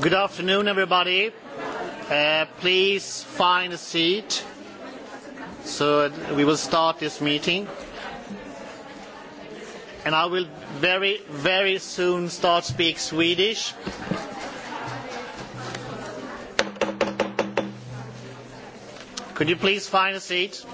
Good afternoon, everybody. Uh, please find a seat. So we will start this meeting. And I will very, very soon start speak Swedish. Could you please find a seat?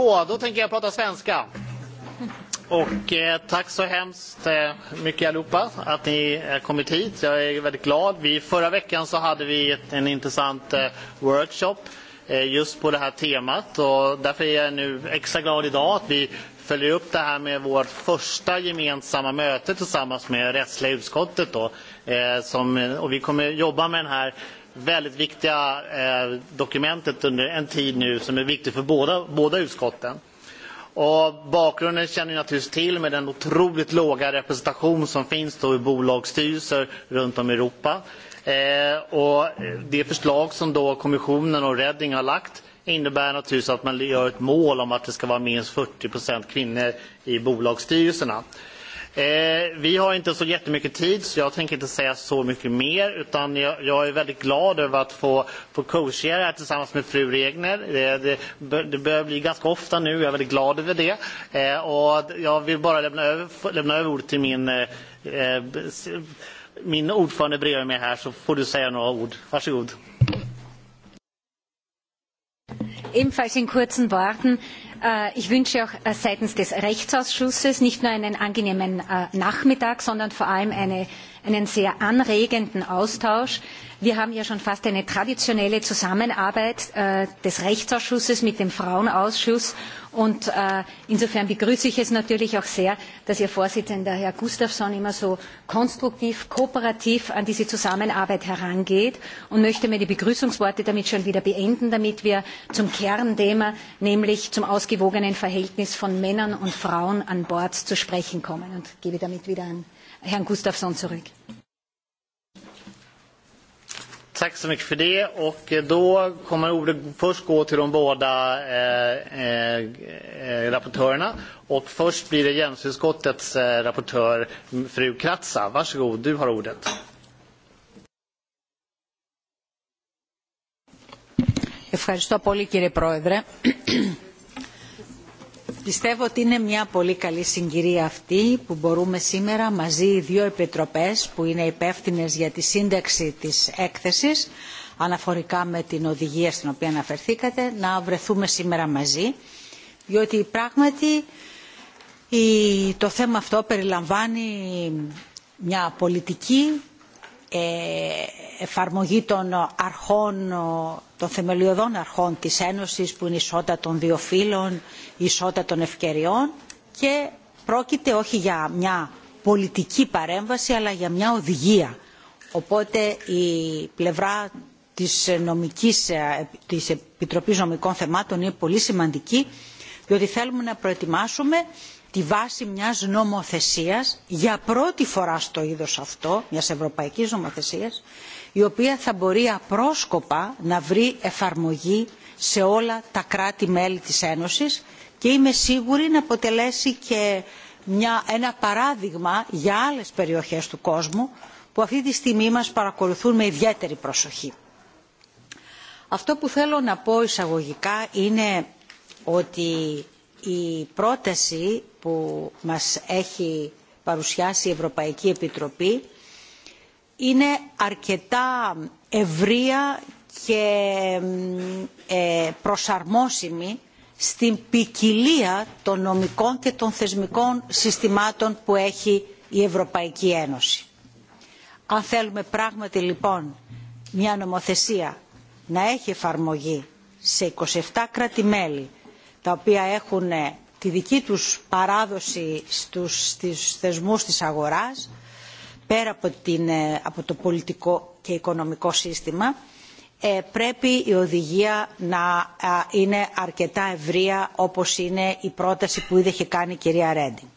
Så, då tänker jag prata svenska. Och eh, tack så hemskt eh, mycket allihopa att ni har eh, kommit hit. Jag är väldigt glad. Vi, förra veckan så hade vi ett, en intressant eh, workshop eh, just på det här temat. Och därför är jag nu extra glad idag att vi följer upp det här med vårt första gemensamma möte tillsammans med rättsliga utskottet. Då, eh, som, och vi kommer jobba med den här väldigt viktiga eh, dokumentet under en tid nu som är viktigt för båda, båda utskotten. Och bakgrunden känner ni naturligtvis till med den otroligt låga representation som finns då i bolagsstyrelser runt om i Europa. Eh, och det förslag som då kommissionen och Redding har lagt innebär naturligtvis att man gör ett mål om att det ska vara minst 40 kvinnor i bolagsstyrelserna. Eh, Eh, vi har inte så jättemycket tid så jag tänker inte säga så mycket mer utan jag, jag är väldigt glad över att få, få coacha här tillsammans med fru Regner. Eh, det, det börjar bli ganska ofta nu, jag är väldigt glad över det. Eh, och jag vill bara lämna över, lämna över ordet till min, eh, min ordförande bredvid mig här så får du säga några ord. Varsågod. Ebenfalls in kurzen Worten. Äh, ich wünsche auch äh, seitens des Rechtsausschusses nicht nur einen angenehmen äh, Nachmittag, sondern vor allem eine einen sehr anregenden Austausch. Wir haben ja schon fast eine traditionelle Zusammenarbeit äh, des Rechtsausschusses mit dem Frauenausschuss. Und äh, insofern begrüße ich es natürlich auch sehr, dass Ihr Vorsitzender, Herr Gustafsson, immer so konstruktiv, kooperativ an diese Zusammenarbeit herangeht und möchte mir die Begrüßungsworte damit schon wieder beenden, damit wir zum Kernthema, nämlich zum ausgewogenen Verhältnis von Männern und Frauen an Bord zu sprechen kommen. Und gebe damit wieder an Herrn Gustafsson zurück. Tack så mycket för det. Och eh, då kommer ordet först gå till de båda eh, eh, eh rapportörerna. Och först blir det jämställdhetsutskottets eh, rapportör, fru Kratsa. Varsågod, du har ordet. Ευχαριστώ πολύ κύριε Πρόεδρε. Πιστεύω ότι είναι μια πολύ καλή συγκυρία αυτή που μπορούμε σήμερα μαζί οι δύο επιτροπές που είναι υπεύθυνε για τη σύνταξη της έκθεσης αναφορικά με την οδηγία στην οποία αναφερθήκατε να βρεθούμε σήμερα μαζί διότι πράγματι η, το θέμα αυτό περιλαμβάνει μια πολιτική εφαρμογή των αρχών, των θεμελιωδών αρχών της Ένωσης που είναι η ισότητα των δύο φύλων, η ισότητα των ευκαιριών και πρόκειται όχι για μια πολιτική παρέμβαση αλλά για μια οδηγία. Οπότε η πλευρά της, νομικής, της Επιτροπής Νομικών Θεμάτων είναι πολύ σημαντική διότι θέλουμε να προετοιμάσουμε τη βάση μιας νομοθεσίας για πρώτη φορά στο είδος αυτό, μιας ευρωπαϊκής νομοθεσίας, η οποία θα μπορεί απρόσκοπα να βρει εφαρμογή σε όλα τα κράτη-μέλη της Ένωσης και είμαι σίγουρη να αποτελέσει και μια, ένα παράδειγμα για άλλες περιοχές του κόσμου που αυτή τη στιγμή μας παρακολουθούν με ιδιαίτερη προσοχή. Αυτό που θέλω να πω εισαγωγικά είναι ότι η πρόταση που μας έχει παρουσιάσει η Ευρωπαϊκή Επιτροπή είναι αρκετά ευρεία και ε, προσαρμόσιμη στην ποικιλία των νομικών και των θεσμικών συστημάτων που έχει η Ευρωπαϊκή Ένωση. Αν θέλουμε πράγματι λοιπόν μια νομοθεσία να έχει εφαρμογή σε 27 κράτη-μέλη τα οποία έχουν τη δική τους παράδοση στους, στις θεσμούς της αγοράς, πέρα από, την, από το πολιτικό και οικονομικό σύστημα, ε, πρέπει η οδηγία να είναι αρκετά ευρεία όπως είναι η πρόταση που ήδη έχει κάνει η κυρία Ρέντινγκ.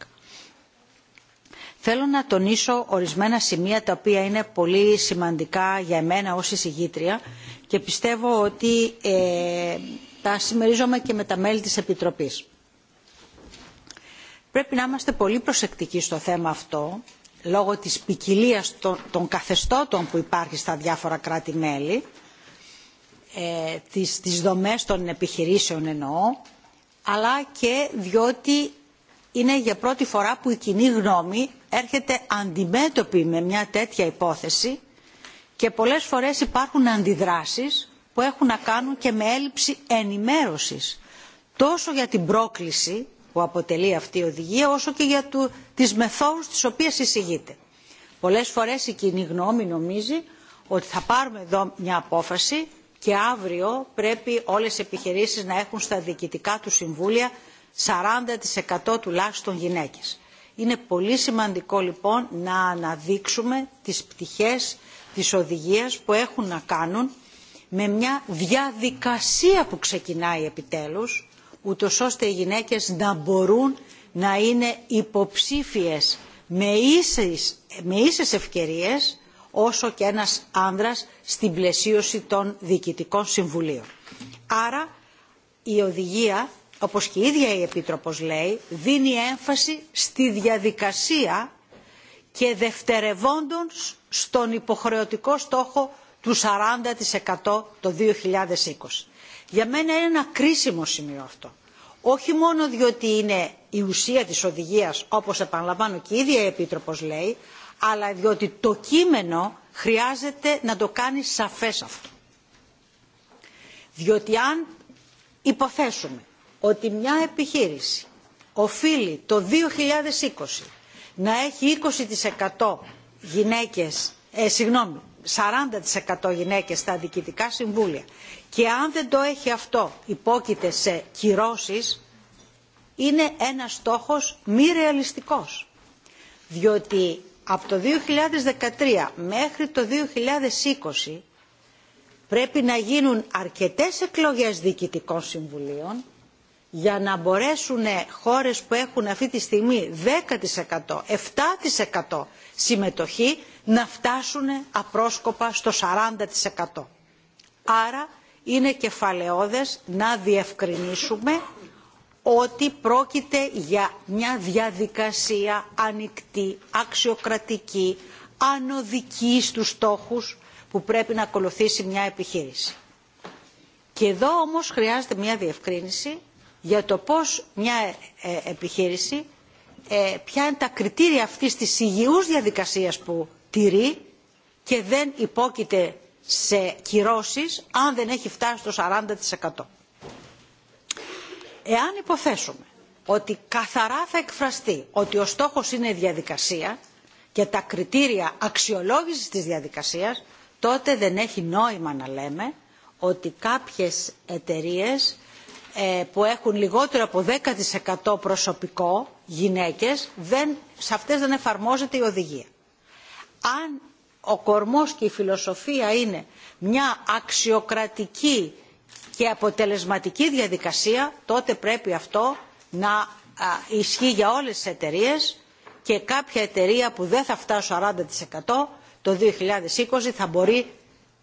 Θέλω να τονίσω ορισμένα σημεία τα οποία είναι πολύ σημαντικά για εμένα ως εισηγήτρια και πιστεύω ότι ε, τα συμμερίζομαι και με τα μέλη της Επιτροπής. Πρέπει να είμαστε πολύ προσεκτικοί στο θέμα αυτό, λόγω της ποικιλία των, των καθεστώτων που υπάρχει στα διάφορα κράτη-μέλη, ε, τις, τις δομές των επιχειρήσεων εννοώ, αλλά και διότι είναι για πρώτη φορά που η κοινή γνώμη έρχεται αντιμέτωπη με μια τέτοια υπόθεση και πολλές φορές υπάρχουν αντιδράσεις που έχουν να κάνουν και με έλλειψη ενημέρωσης τόσο για την πρόκληση που αποτελεί αυτή η οδηγία όσο και για του, τις μεθόδους τις οποίες εισηγείται. Πολλές φορές η κοινή γνώμη νομίζει ότι θα πάρουμε εδώ μια απόφαση και αύριο πρέπει όλες οι επιχειρήσεις να έχουν στα διοικητικά του συμβούλια 40% τουλάχιστον γυναίκες. Είναι πολύ σημαντικό λοιπόν να αναδείξουμε τις πτυχές της οδηγίας που έχουν να κάνουν με μια διαδικασία που ξεκινάει επιτέλους, ούτως ώστε οι γυναίκες να μπορούν να είναι υποψήφιες με ίσες, με ίσες ευκαιρίες όσο και ένας άνδρας στην πλαισίωση των διοικητικών συμβουλίων. Άρα η οδηγία, όπως και η ίδια η Επίτροπος λέει, δίνει έμφαση στη διαδικασία και δευτερευόντων στον υποχρεωτικό στόχο του 40% το 2020. Για μένα είναι ένα κρίσιμο σημείο αυτό. Όχι μόνο διότι είναι η ουσία της οδηγίας, όπως επαναλαμβάνω και η ίδια η Επίτροπος λέει, αλλά διότι το κείμενο χρειάζεται να το κάνει σαφές αυτό. Διότι αν υποθέσουμε ότι μια επιχείρηση οφείλει το 2020 να έχει 20% γυναίκες, ε, συγγνώμη, 40% γυναίκες στα διοικητικά συμβούλια και αν δεν το έχει αυτό υπόκειται σε κυρώσεις είναι ένας στόχος μη ρεαλιστικός. Διότι από το 2013 μέχρι το 2020 πρέπει να γίνουν αρκετές εκλογές διοικητικών συμβουλίων για να μπορέσουν χώρες που έχουν αυτή τη στιγμή 10%, 7% συμμετοχή να φτάσουν απρόσκοπα στο 40%. Άρα είναι κεφαλαιόδες να διευκρινίσουμε ότι πρόκειται για μια διαδικασία ανοιχτή, αξιοκρατική, ανωδική στους στόχους που πρέπει να ακολουθήσει μια επιχείρηση. Και εδώ όμως χρειάζεται μια διευκρίνηση για το πώς μια επιχείρηση, ποια είναι τα κριτήρια αυτής της υγιούς διαδικασίας που τηρεί και δεν υπόκειται σε κυρώσεις αν δεν έχει φτάσει στο 40%. Εάν υποθέσουμε ότι καθαρά θα εκφραστεί ότι ο στόχος είναι η διαδικασία και τα κριτήρια αξιολόγησης της διαδικασίας, τότε δεν έχει νόημα να λέμε ότι κάποιες εταιρείες ε, που έχουν λιγότερο από 10% προσωπικό, γυναίκες, δεν, σε αυτές δεν εφαρμόζεται η οδηγία αν ο κορμός και η φιλοσοφία είναι μια αξιοκρατική και αποτελεσματική διαδικασία, τότε πρέπει αυτό να α, ισχύει για όλες τις εταιρείες και κάποια εταιρεία που δεν θα φτάσει 40% το 2020 θα μπορεί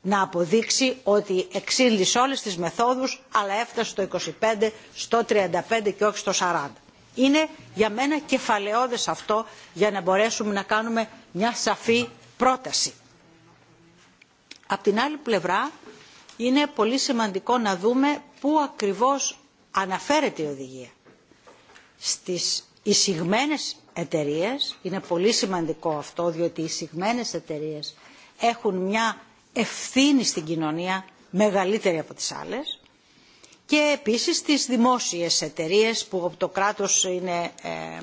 να αποδείξει ότι εξήλυσε όλες τις μεθόδους αλλά έφτασε στο 25, στο 35 και όχι στο 40. Είναι για μένα κεφαλαιόδες αυτό για να μπορέσουμε να κάνουμε μια σαφή πρόταση. Απ' την άλλη πλευρά είναι πολύ σημαντικό να δούμε πού ακριβώς αναφέρεται η οδηγία. Στις εισηγμένες εταιρείες, είναι πολύ σημαντικό αυτό διότι οι εισηγμένες εταιρείες έχουν μια ευθύνη στην κοινωνία μεγαλύτερη από τις άλλες και επίσης τις δημόσιες εταιρείες που το κράτος είναι ε,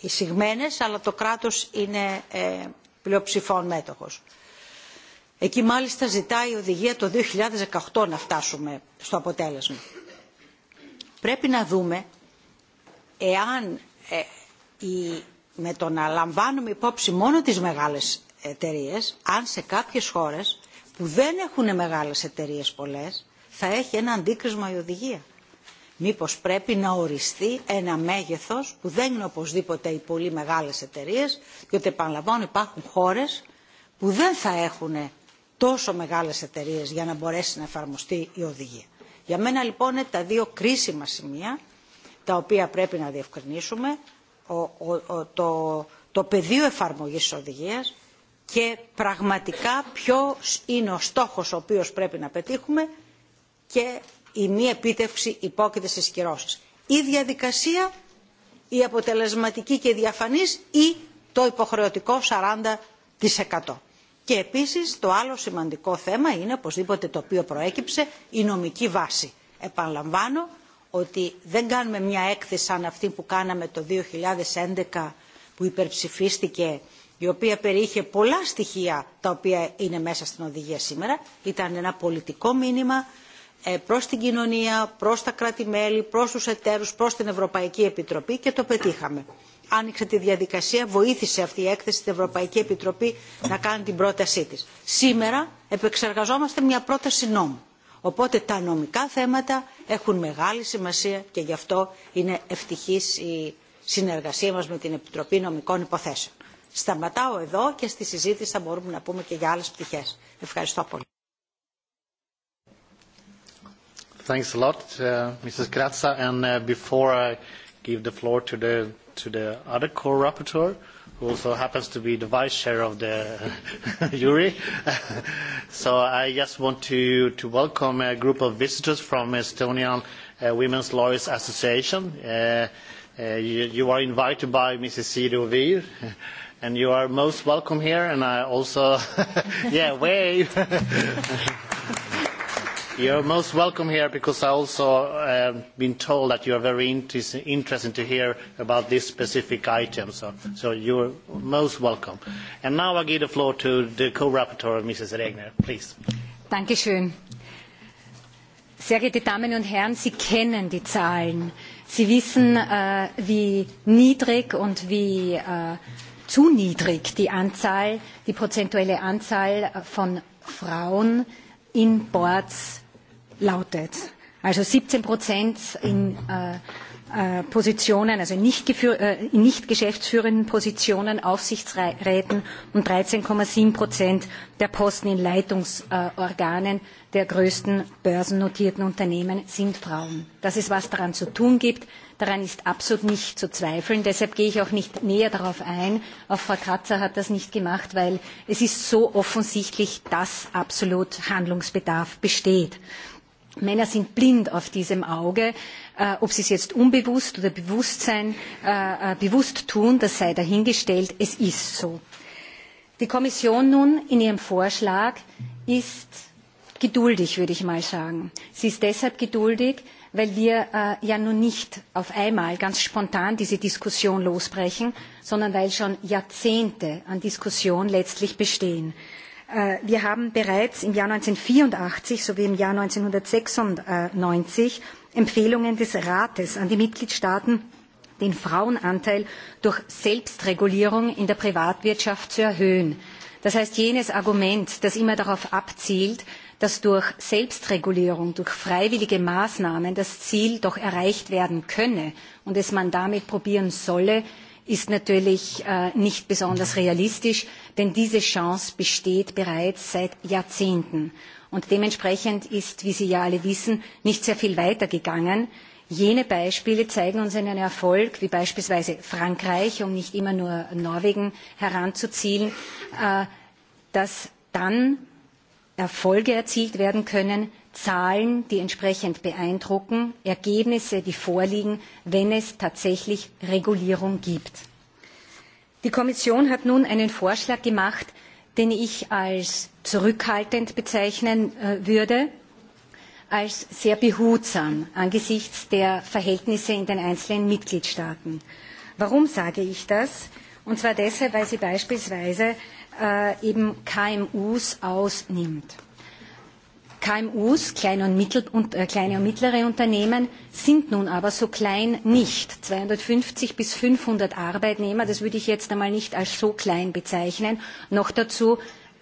εισηγμένες αλλά το κράτος είναι ε, πλειοψηφών μέτοχος. Εκεί μάλιστα ζητάει η οδηγία το 2018 να φτάσουμε στο αποτέλεσμα. Πρέπει να δούμε εάν ε, η, με το να λαμβάνουμε υπόψη μόνο τις μεγάλες εταιρείες, αν σε κάποιες χώρες που δεν έχουν μεγάλες εταιρείες πολλές, θα έχει ένα αντίκρισμα η οδηγία. Μήπως πρέπει να οριστεί ένα μέγεθος που δεν είναι οπωσδήποτε οι πολύ μεγάλες εταιρείες, διότι επαναλαμβάνω υπάρχουν χώρες που δεν θα έχουν τόσο μεγάλες εταιρείες για να μπορέσει να εφαρμοστεί η οδηγία. Για μένα λοιπόν είναι τα δύο κρίσιμα σημεία τα οποία πρέπει να διευκρινίσουμε ο, ο, ο, το, το πεδίο εφαρμογής της οδηγίας και πραγματικά ποιος είναι ο στόχος ο οποίος πρέπει να πετύχουμε και η μη επίτευξη υπόκειται στις κυρώσεις. Η διαδικασία, η αποτελεσματική και διαφανής ή το υποχρεωτικό 40%. Και επίσης το άλλο σημαντικό θέμα είναι οπωσδήποτε το οποίο προέκυψε η νομική βάση. Επαναλαμβάνω ότι δεν κάνουμε μια έκθεση σαν αυτή που κάναμε το 2011 που υπερψηφίστηκε η οποία περιείχε πολλά στοιχεία τα οποία είναι μέσα στην οδηγία σήμερα. Ήταν ένα πολιτικό μήνυμα προς την κοινωνία, προς τα κράτη-μέλη, προς τους εταίρους, προς την Ευρωπαϊκή Επιτροπή και το πετύχαμε. Άνοιξε τη διαδικασία, βοήθησε αυτή η έκθεση την Ευρωπαϊκή Επιτροπή να κάνει την πρότασή της. Σήμερα επεξεργαζόμαστε μια πρόταση νόμου. Οπότε τα νομικά θέματα έχουν μεγάλη σημασία και γι' αυτό είναι ευτυχής η συνεργασία μας με την Επιτροπή Νομικών Υποθέσεων. Σταματάω εδώ και στη συζήτηση θα μπορούμε να πούμε και για άλλες πτυχές. Ευχαριστώ πολύ. Thanks a lot, uh, Mrs. Grazza. And uh, before I give the floor to the to the other co-rapporteur, who also happens to be the vice chair of the jury, so I just want to to welcome a group of visitors from Estonian uh, Women's Lawyers Association. Uh, uh, you, you are invited by Mrs. Sido Vir. and you are most welcome here, and I also, yeah, wave. You're most welcome here because I also uh, been told that you are very interest, interested to hear about this specific item. So, so you're most welcome. And now I give the floor to the co-rapporteur, Mrs. Regner. Please. Dankeschön. Sehr geehrte Damen und Herren, Sie kennen die Zahlen. Sie wissen, äh, wie niedrig und wie äh, zu niedrig die Anzahl, die prozentuelle Anzahl von Frauen in Boards lautet. Also 17 Prozent in äh, äh, Positionen, also in nicht, äh, in nicht geschäftsführenden Positionen, Aufsichtsräten und 13,7 Prozent der Posten in Leitungsorganen der größten börsennotierten Unternehmen sind Frauen. Das ist, was daran zu tun gibt. Daran ist absolut nicht zu zweifeln. Deshalb gehe ich auch nicht näher darauf ein. Auch Frau Kratzer hat das nicht gemacht, weil es ist so offensichtlich, dass absolut Handlungsbedarf besteht. Äh, Männer sind blind auf diesem Auge, äh, ob sie es jetzt unbewusst oder bewusst, sein, äh, äh, bewusst tun, das sei dahingestellt, es ist so. Die Kommission nun in ihrem Vorschlag ist geduldig, würde ich mal sagen. Sie ist deshalb geduldig, weil wir äh, ja nun nicht auf einmal ganz spontan diese Diskussion losbrechen, sondern weil schon Jahrzehnte an Diskussion letztlich bestehen. Äh, Äh, wir haben bereits im Jahr 1984 sowie im Jahr 1996 Empfehlungen des Rates an die Mitgliedstaaten, den Frauenanteil durch Selbstregulierung in der Privatwirtschaft zu erhöhen. Das heißt, jenes Argument, das immer darauf abzielt, dass durch Selbstregulierung, durch freiwillige Maßnahmen das Ziel doch erreicht werden könne und es man damit probieren solle, ist natürlich äh, nicht besonders realistisch. Denn diese Chance besteht bereits seit Jahrzehnten. Und dementsprechend ist, wie Sie ja alle wissen, nicht sehr viel weitergegangen. Jene Beispiele zeigen uns einen Erfolg, wie beispielsweise Frankreich, um nicht immer nur Norwegen heranzuzielen, äh, dass dann Erfolge erzielt werden können, Zahlen, die entsprechend beeindrucken, Ergebnisse, die vorliegen, wenn es tatsächlich Regulierung gibt. Die Kommission hat nun einen Vorschlag gemacht, den ich als zurückhaltend bezeichnen äh, würde, als sehr behutsam angesichts der Verhältnisse in den einzelnen Mitgliedstaaten. Warum sage ich das? Und zwar deshalb, weil sie beispielsweise äh, eben KMUs ausnimmt. KMUs, kleine und, mittel, und, äh, kleine und mittlere Unternehmen, sind nun aber so klein nicht. 250 bis 500 Arbeitnehmer, das würde ich jetzt einmal nicht als so klein bezeichnen. Noch dazu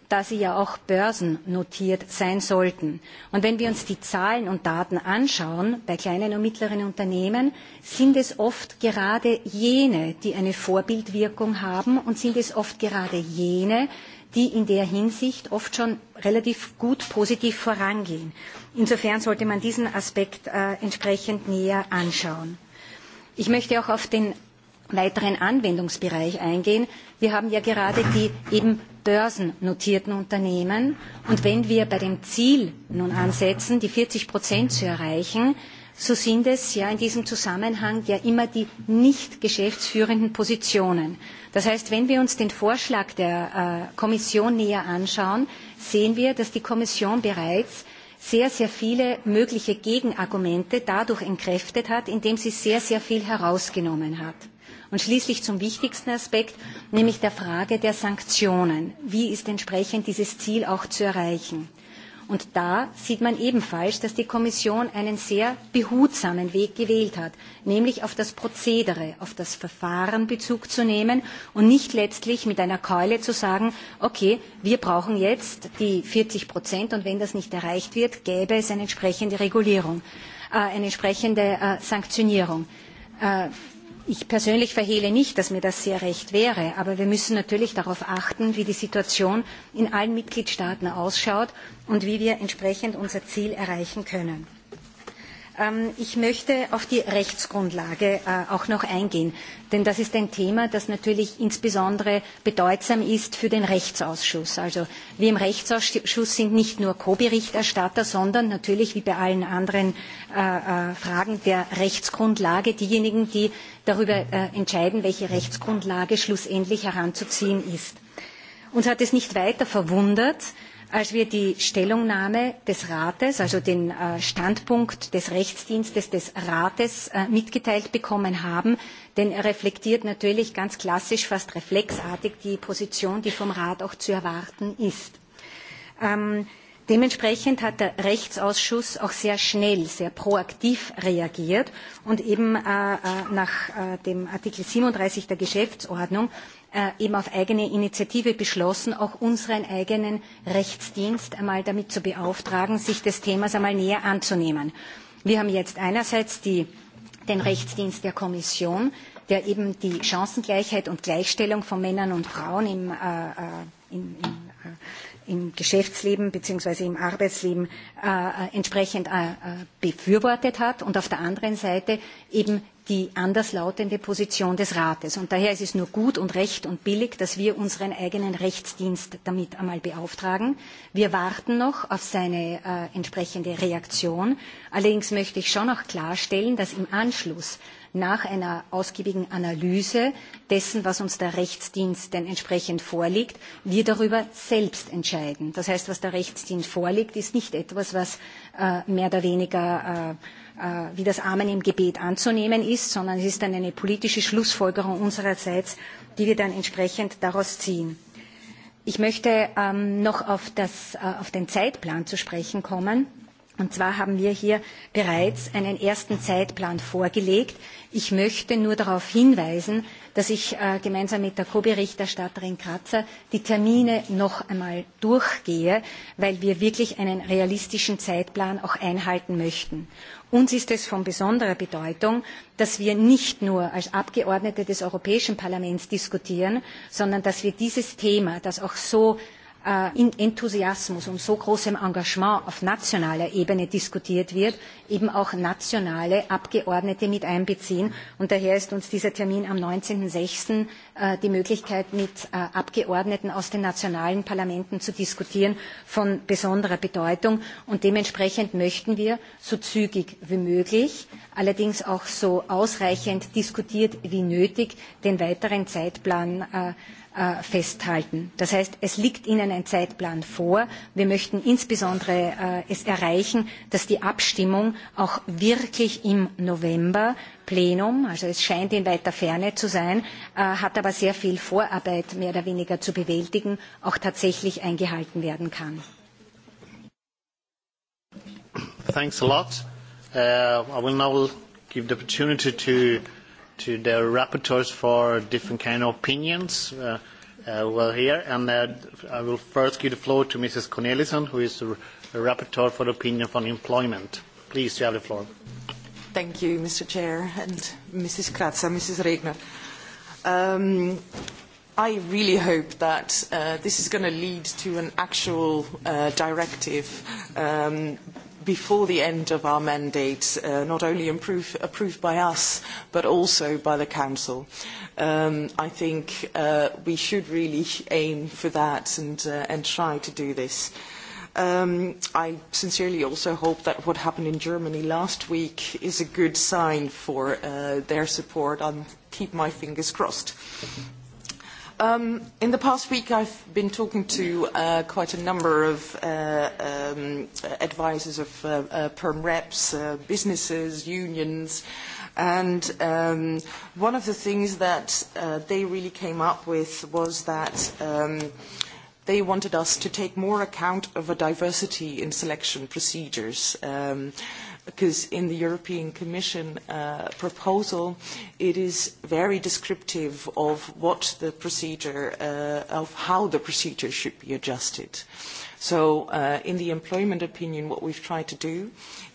da sie ja auch börsennotiert sein sollten. Und wenn wir uns die Zahlen und Daten anschauen, bei kleinen und mittleren Unternehmen sind es oft gerade jene, die eine Vorbildwirkung haben und sind es oft gerade jene, die in der Hinsicht oft schon relativ gut positiv vorangehen. Insofern sollte man diesen Aspekt äh, entsprechend näher anschauen. Ich möchte auch auf den weiteren Anwendungsbereich eingehen. Wir haben ja gerade die eben börsennotierten Unternehmen. Und wenn wir bei dem Ziel nun ansetzen, die 40 Prozent zu erreichen, so sind es ja in diesem Zusammenhang ja immer die nicht geschäftsführenden Positionen. Das heißt, wenn wir uns den Vorschlag der äh, Kommission näher anschauen, sehen wir, dass die Kommission bereits sehr, sehr viele mögliche Gegenargumente dadurch entkräftet hat, indem sie sehr, sehr viel herausgenommen hat. Und schließlich zum wichtigsten Aspekt, nämlich der Frage der Sanktionen. Wie ist entsprechend dieses Ziel auch zu erreichen? Und da sieht man ebenfalls, dass die Kommission einen sehr behutsamen Weg gewählt hat, nämlich auf das Prozedere, auf das Verfahren Bezug zu nehmen und nicht letztlich mit einer Keule zu sagen, okay, wir brauchen jetzt die 40 Prozent und wenn das nicht erreicht wird, gäbe es eine entsprechende Regulierung, äh, eine entsprechende äh, Sanktionierung. Äh, Ich persönlich verhehle nicht, dass mir das sehr recht wäre, aber wir müssen natürlich darauf achten, wie die Situation in allen Mitgliedstaaten ausschaut und wie wir entsprechend unser Ziel erreichen können. Ähm, ich möchte auf die Rechtsgrundlage äh, auch noch eingehen, denn das ist ein Thema, das natürlich insbesondere bedeutsam ist für den Rechtsausschuss. Also wir im Rechtsausschuss sind nicht nur Co-Berichterstatter, sondern natürlich wie bei allen anderen äh, äh, Fragen der Rechtsgrundlage diejenigen, die darüber äh, entscheiden, welche Rechtsgrundlage schlussendlich heranzuziehen ist. Uns hat es nicht weiter verwundert, äh, als wir die Stellungnahme des Rates, also den äh, Standpunkt des Rechtsdienstes des Rates äh, mitgeteilt bekommen haben, denn er reflektiert natürlich ganz klassisch, fast reflexartig die Position, die vom Rat auch zu erwarten ist. Ähm, Dementsprechend hat der Rechtsausschuss auch sehr schnell, sehr proaktiv reagiert und eben äh, äh nach äh, dem Artikel 37 der Geschäftsordnung äh, eben auf eigene Initiative beschlossen, auch unseren eigenen Rechtsdienst einmal damit zu beauftragen, sich des Themas einmal näher anzunehmen. Wir haben jetzt einerseits die, den Rechtsdienst der Kommission, der eben die Chancengleichheit und Gleichstellung von Männern und Frauen im, äh, im, äh, im im Geschäftsleben bzw. im Arbeitsleben äh, äh entsprechend äh, äh, befürwortet hat und auf der anderen Seite eben die anderslautende Position des Rates. Und daher ist es nur gut und recht und billig, dass wir unseren eigenen Rechtsdienst damit einmal beauftragen. Wir warten noch auf seine äh, entsprechende Reaktion. Allerdings möchte ich schon auch klarstellen, dass im Anschluss nach einer ausgiebigen Analyse dessen, was uns der Rechtsdienst denn entsprechend vorlegt, wir darüber selbst entscheiden. Das heißt, was der Rechtsdienst vorlegt, ist nicht etwas, was äh, mehr oder weniger äh, äh, wie das Amen im Gebet anzunehmen ist, sondern es ist dann eine politische Schlussfolgerung unsererseits, die wir dann entsprechend daraus ziehen. Ich möchte ähm, noch auf, das, äh, auf den Zeitplan zu sprechen kommen. Äh, Und zwar haben wir hier bereits einen ersten Zeitplan vorgelegt. Ich möchte nur darauf hinweisen, dass ich äh, gemeinsam mit der Co-Berichterstatterin Kratzer die Termine noch einmal durchgehe, weil wir wirklich einen realistischen Zeitplan auch einhalten möchten. Uns ist es von besonderer Bedeutung, dass wir nicht nur als Abgeordnete des Europäischen Parlaments diskutieren, sondern dass wir dieses Thema, das auch so Äh, in Enthusiasmus und so großem Engagement auf nationaler Ebene diskutiert wird, eben auch nationale Abgeordnete mit einbeziehen. Und daher ist uns dieser Termin am 19.06. Äh, die Möglichkeit, mit äh, Abgeordneten aus den nationalen Parlamenten zu diskutieren, von besonderer Bedeutung. Und dementsprechend möchten wir so zügig wie möglich, allerdings auch so ausreichend diskutiert wie nötig, den weiteren Zeitplan äh, festhalten. Das heißt, es liegt Ihnen ein Zeitplan vor. Wir möchten insbesondere äh, es erreichen, dass die Abstimmung auch wirklich im November Plenum, also es scheint in weiter Ferne zu sein, äh, hat aber sehr viel Vorarbeit mehr oder weniger zu bewältigen, auch tatsächlich eingehalten werden kann. Thanks a lot. Uh, I will now give the opportunity to to the rapporteurs for different kind of opinions. Uh, uh, well, here, and uh, I will first give the floor to Mrs. Cornelissen, who is the rapporteur for the opinion on employment. Please, you have the floor. Thank you, Mr. Chair, and Mrs. Kratza, Mrs. Regner. Um, I really hope that uh, this is going to lead to an actual uh, directive um, before the end of our mandate, uh, not only improve, approved by us, but also by the Council. Um, I think uh, we should really aim for that and, uh, and try to do this. Um, I sincerely also hope that what happened in Germany last week is a good sign for uh, their support. I'll keep my fingers crossed. Mm-hmm. Um, in the past week, I've been talking to uh, quite a number of uh, um, advisors of uh, uh, perm reps, uh, businesses, unions, and um, one of the things that uh, they really came up with was that. Um, they wanted us to take more account of a diversity in selection procedures. Um, uh, because in the European Commission uh, proposal, it is very descriptive of what the procedure, uh, of how the procedure should be adjusted. So uh, in the employment opinion, what we've tried to do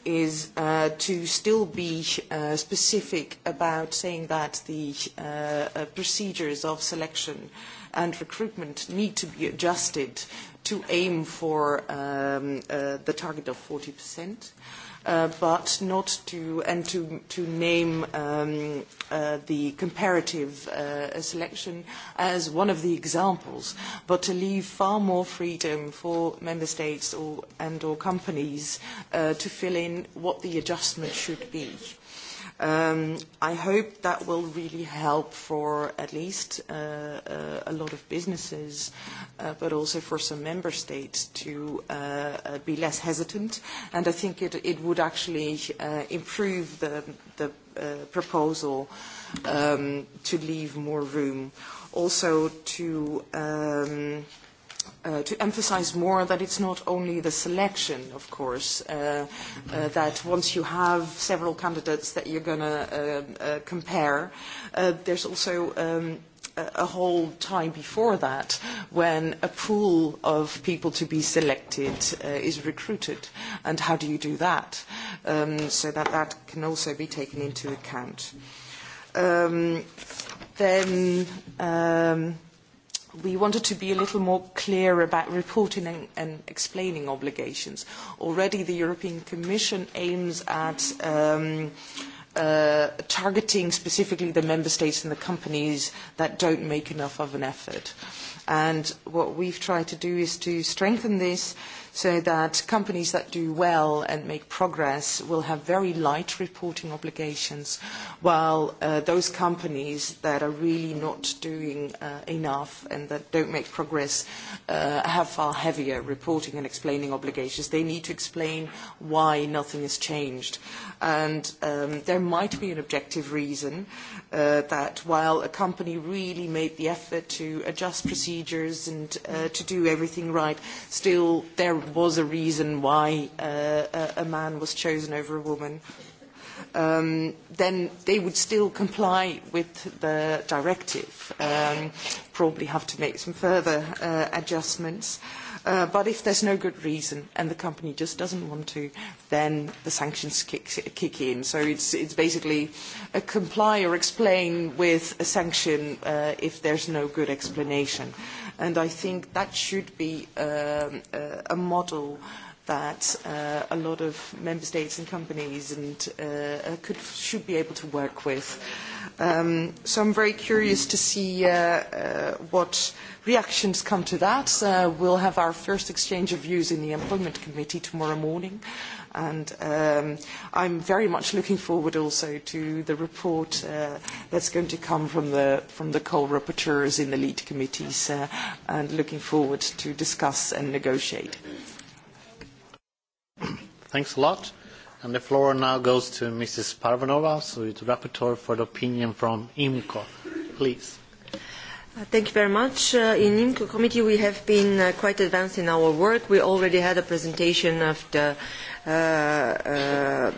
is uh, to still be uh, specific about saying that the uh, uh, procedures of selection and recruitment need to be adjusted to aim for um, uh, the target of 40 percent. Uh, uh, but not to, and to, to name um, uh, the comparative uh, selection as one of the examples, but to leave far more freedom for member states or, and or companies uh, to fill in what the adjustment should be. Uh, Um, I hope that will really help for at least uh, uh, a lot of businesses, uh, but also for some member states to uh, uh, be less hesitant. And I think it, it would actually uh, improve the, the uh, proposal um, to leave more room. Also to um, – uh, to emphasize more that it's not only the selection, of course, uh, uh, that once you have several candidates that you're going to uh, uh, compare, uh, there's also um, a whole time before that when a pool of people to be selected uh, is recruited and how do you do that um, so that that can also be taken into account um, then um, we wanted to be a little more clear about reporting and, and explaining obligations. Already the European Commission aims at um, uh, targeting specifically the member states and the companies that don't make enough of an effort. And what we've tried to do is to strengthen this uh, so that companies that do well and make progress will have very light reporting obligations, while uh, those companies that are really not doing uh, enough and that don't make progress uh, have far heavier reporting and explaining obligations. They need to explain why nothing has changed. And um, there might be an objective reason uh, that while a company really made the effort to adjust procedures and uh, to do everything right, still their was a reason why uh, a, a man was chosen over a woman, um, then they would still comply with the directive, um, probably have to make some further uh, adjustments. Uh, but if there's no good reason and the company just doesn't want to, then the sanctions kick, kick in. So it's, it's basically a uh, comply or explain with a sanction uh, if there's no good explanation. Uh, And I think that should be um, uh, a model uh, that uh, a lot of member states and companies and, uh, uh, could, should be able to work with. Um, so I'm very curious to see uh, uh, what reactions come to that. Uh, we'll have our first exchange of views in the Employment Committee tomorrow morning. And um, I'm very much looking forward also to the report uh, that's going to come from the, from the co-rapporteurs in the lead committees uh, and looking forward to discuss and negotiate. Uh, Thanks a lot. And the floor now goes to Mrs. Parvanova, so it's rapporteur for the opinion from IMCO. Please. Uh, thank you very much. Uh, in IMCO committee, we have been uh, quite advanced in our work. We already had a presentation of the uh, uh, uh,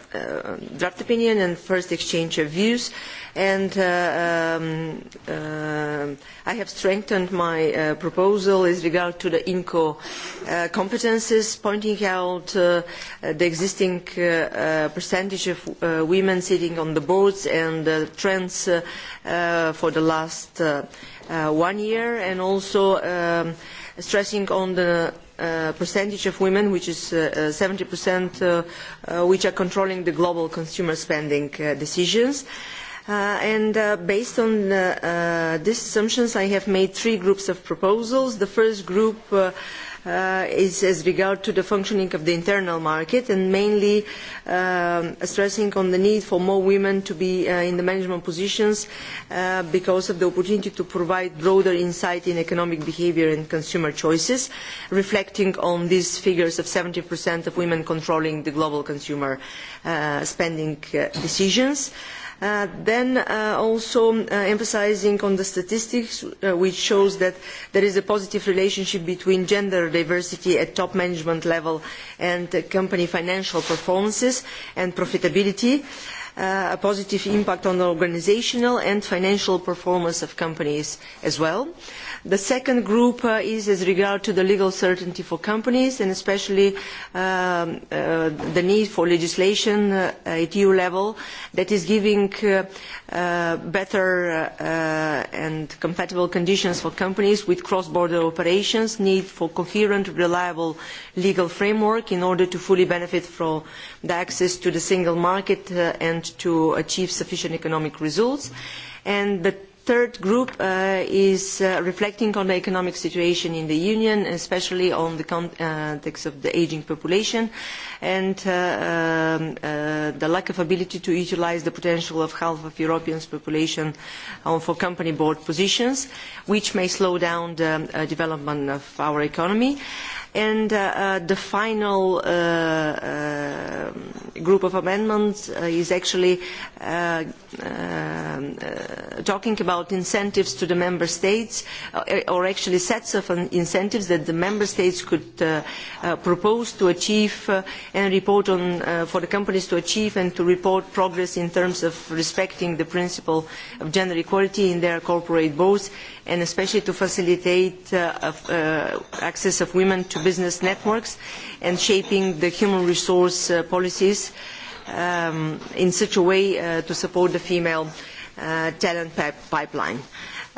draft opinion and first exchange of views. And uh, um, uh, I have strengthened my uh, proposal as regard to the INCO uh, competences, pointing out uh, the existing uh, uh, percentage of uh, women sitting on the boards and the uh, trends uh, uh, for the last uh, uh, one year, and also um, stressing on the uh, percentage of women, which is uh, uh, 70%, uh, uh, which are controlling the global consumer spending uh, decisions. Uh, and uh, based on uh, uh, these assumptions, I have made three groups of proposals. The first group uh, uh, is as regard to the functioning of the internal market and mainly uh, stressing on the need for more women to be uh, in the management positions uh, because of the opportunity to provide broader insight in economic behavior and consumer choices, reflecting on these figures of 70% of women controlling the global consumer uh, spending uh, decisions. Uh, Uh, then uh, also uh, emphasizing on the statistics, uh, which shows that there is a positive relationship between gender diversity at top management level and uh, company financial performances and profitability. Uh, uh, a positive impact on the organizational and financial performance of companies as well. Uh, The second group uh, is as regard to the legal certainty for companies and especially um, uh, the need for legislation uh, at EU level that is giving uh, uh, better uh, and compatible conditions for companies with cross-border operations, need for coherent, reliable legal framework in order to fully benefit from the access to the single market uh, and to achieve sufficient economic results. And the third group uh, is uh, reflecting on the economic situation in the Union, especially on the uh, context of the aging population and uh, um, uh, the lack of ability to utilize the potential of half of Europeans' population um, for company board positions, which may slow down the uh, development of our economy. Uh, And uh, uh, the final uh, uh, group of amendments uh, is actually uh, uh, uh, talking about incentives to the member states, uh, or actually sets of incentives that the member states could uh, uh, propose to achieve uh, and report on uh, for the companies to achieve and to report progress in terms of respecting the principle of gender equality in their corporate boards, and especially to facilitate uh, uh, access of women to business networks and shaping the human resource uh, policies um, in such a way uh, to support the female uh, talent pip pipeline.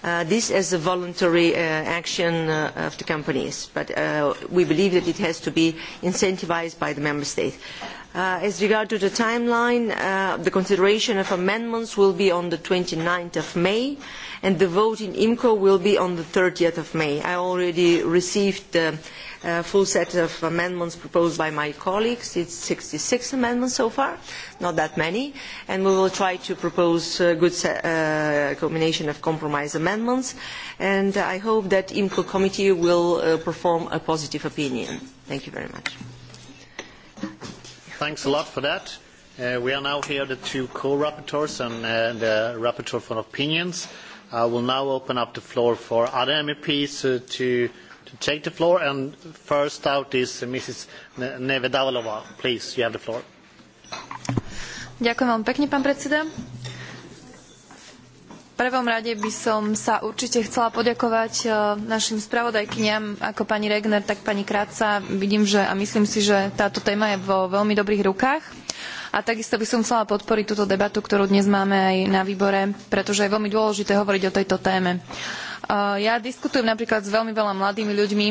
Uh, this as a voluntary uh, action uh, of the companies, but uh, we believe that it has to be incentivized by the member state. Uh, as regard to the timeline, uh, the consideration of amendments will be on the 29th of May, and the vote in IMCO will be on the 30th of May. I already received the uh, uh, full set of amendments proposed by my colleagues. It's 66 amendments so far, not that many, and we will try to propose a good set, uh, combination of compromise amendments, and I hope that IMCO committee will uh, perform a positive opinion. Thank you very much. Thanks a lot for that. Uh, we are now here, the two co-rapporteurs and uh, the rapporteur for opinions. I will now open up the floor for other MEPs uh, to to take the floor, and first out is Mrs. Nevedavalova. Please, you have the floor. Ďakujem veľmi pekne, pán predseda. V prvom rade by som sa určite chcela poďakovať e, našim spravodajkyniam, ako pani Regner, tak pani Kráca. Vidím, že a myslím si, že táto téma je vo veľmi dobrých rukách. A takisto by som chcela podporiť túto debatu, ktorú dnes máme aj na výbore, pretože je veľmi dôležité hovoriť o tejto téme. Uh, Ja diskutujem napríklad s veľmi veľa mladými ľuďmi,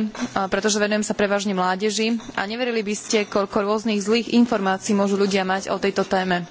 pretože venujem sa prevažne mládeži a neverili by ste, koľko rôznych zlých informácií môžu ľudia mať o tejto téme.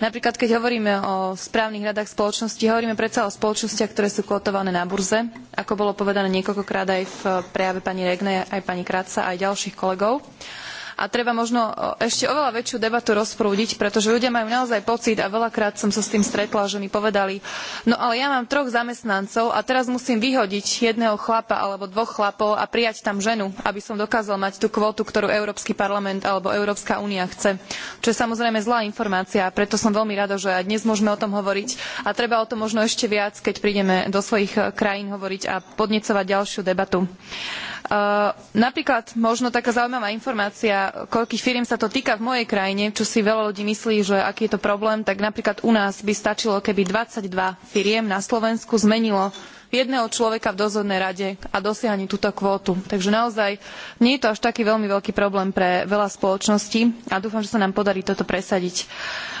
Napríklad, keď hovoríme o správnych radách spoločnosti, hovoríme predsa o spoločnostiach, ktoré sú kotované na burze, ako bolo povedané niekoľkokrát aj v prejave pani Regnej, aj pani Kráca, aj ďalších kolegov. Uh, a treba možno ešte oveľa väčšiu debatu rozprúdiť, pretože ľudia majú naozaj pocit a veľakrát som sa s tým stretla, že mi povedali, no ale ja mám troch zamestnancov a teraz musím vyhodiť jedného chlapa alebo dvoch chlapov a prijať tam ženu, aby som dokázal mať tú kvótu, ktorú Európsky parlament alebo Európska únia chce. Čo je samozrejme zlá informácia a preto som veľmi rada, že aj dnes môžeme o tom hovoriť a treba o tom možno ešte viac, keď prídeme do svojich eh, krajín hovoriť a podnecovať ďalšiu debatu. Uh, Uh, napríklad možno taká zaujímavá informácia, koľkých firiem sa to týka v mojej krajine, čo si veľa ľudí myslí, že aký je to problém, tak napríklad u nás by stačilo, keby 22 firiem na Slovensku zmenilo jedného človeka v dozornej rade a dosiahnuť túto kvótu. Takže naozaj nie je to až taký veľmi veľký problém pre veľa spoločností a dúfam, že sa nám podarí toto presadiť.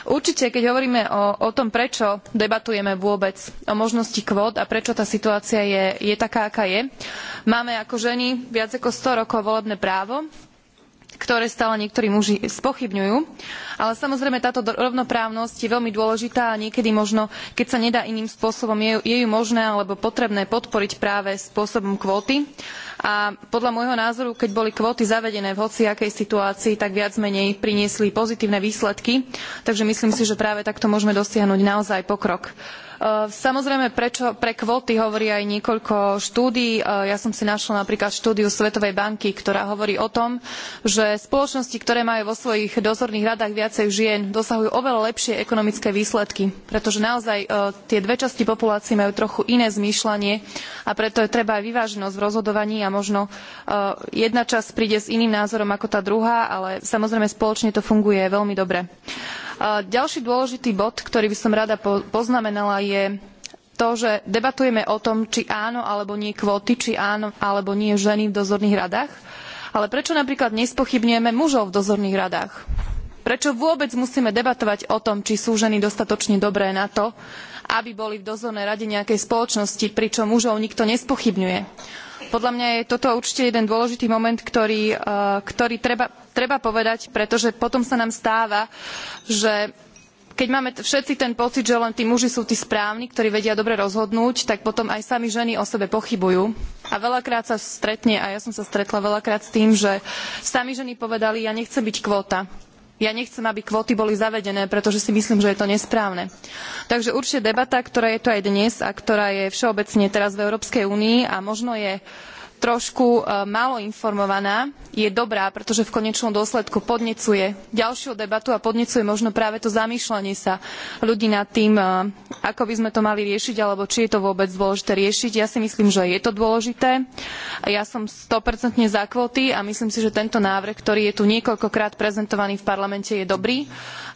Určite, keď hovoríme o, o tom, prečo debatujeme vôbec o možnosti kvót a prečo tá situácia je, je taká, aká je, máme ako ženy viac ako 100 rokov volebné právo, ktoré stále niektorí muži spochybňujú. Ale samozrejme táto rovnoprávnosť je veľmi dôležitá a niekedy možno, keď sa nedá iným spôsobom, je, je ju možné alebo potrebné podporiť práve spôsobom kvóty. Uh, A podľa môjho názoru, keď boli kvóty zavedené v hociakej situácii, tak viac menej priniesli pozitívne výsledky. Takže myslím si, že práve takto môžeme dosiahnuť naozaj pokrok. E, samozrejme, prečo, pre kvóty hovorí aj niekoľko štúdií. E, ja som si našla napríklad štúdiu Svetovej banky, ktorá hovorí o tom, že spoločnosti, ktoré majú vo svojich dozorných radách viacej žien, dosahujú oveľa lepšie ekonomické výsledky, pretože naozaj e, tie dve časti populácie majú trochu iné zmýšľanie a preto je treba aj vyváženosť v rozhodovaní a možno e, jedna časť príde s iným názorom ako tá druhá, ale samozrejme spoločne to funguje veľmi dobre. E, ďalší dôležitý bod, ktorý by som rada poznamenala, je to, že debatujeme o tom, či áno alebo nie kvóty, či áno alebo nie ženy v dozorných radách, ale prečo napríklad nespochybňujeme mužov v dozorných radách? Prečo vôbec musíme debatovať o tom, či sú ženy dostatočne dobré na to, aby boli v dozornej rade nejakej spoločnosti, pričom mužov nikto nespochybňuje? podľa mňa je toto určite jeden dôležitý moment, ktorý, eh, ktorý treba, treba povedať, pretože potom sa nám stáva, že keď máme všetci ten pocit, že len tí muži sú tí správni, ktorí vedia dobre rozhodnúť, tak potom aj sami ženy o sebe pochybujú. A veľakrát sa stretne, a ja som sa stretla veľakrát s tým, že sami ženy povedali, ja nechcem byť kvóta ja nechcem, aby kvóty boli zavedené, pretože si myslím, že je to nesprávne. Takže určite debata, ktorá je tu aj dnes a ktorá je všeobecne teraz v Európskej únii a možno je uh, trošku eh, málo informovaná, je dobrá, pretože v konečnom dôsledku podnecuje ďalšiu debatu a podnecuje možno práve to zamýšľanie sa ľudí nad tým, eh, ako by sme to mali riešiť, alebo či je to vôbec dôležité riešiť. Ja si myslím, že je to dôležité. Ja som 100% za kvóty a myslím si, že tento návrh, ktorý je tu niekoľkokrát prezentovaný v parlamente, je dobrý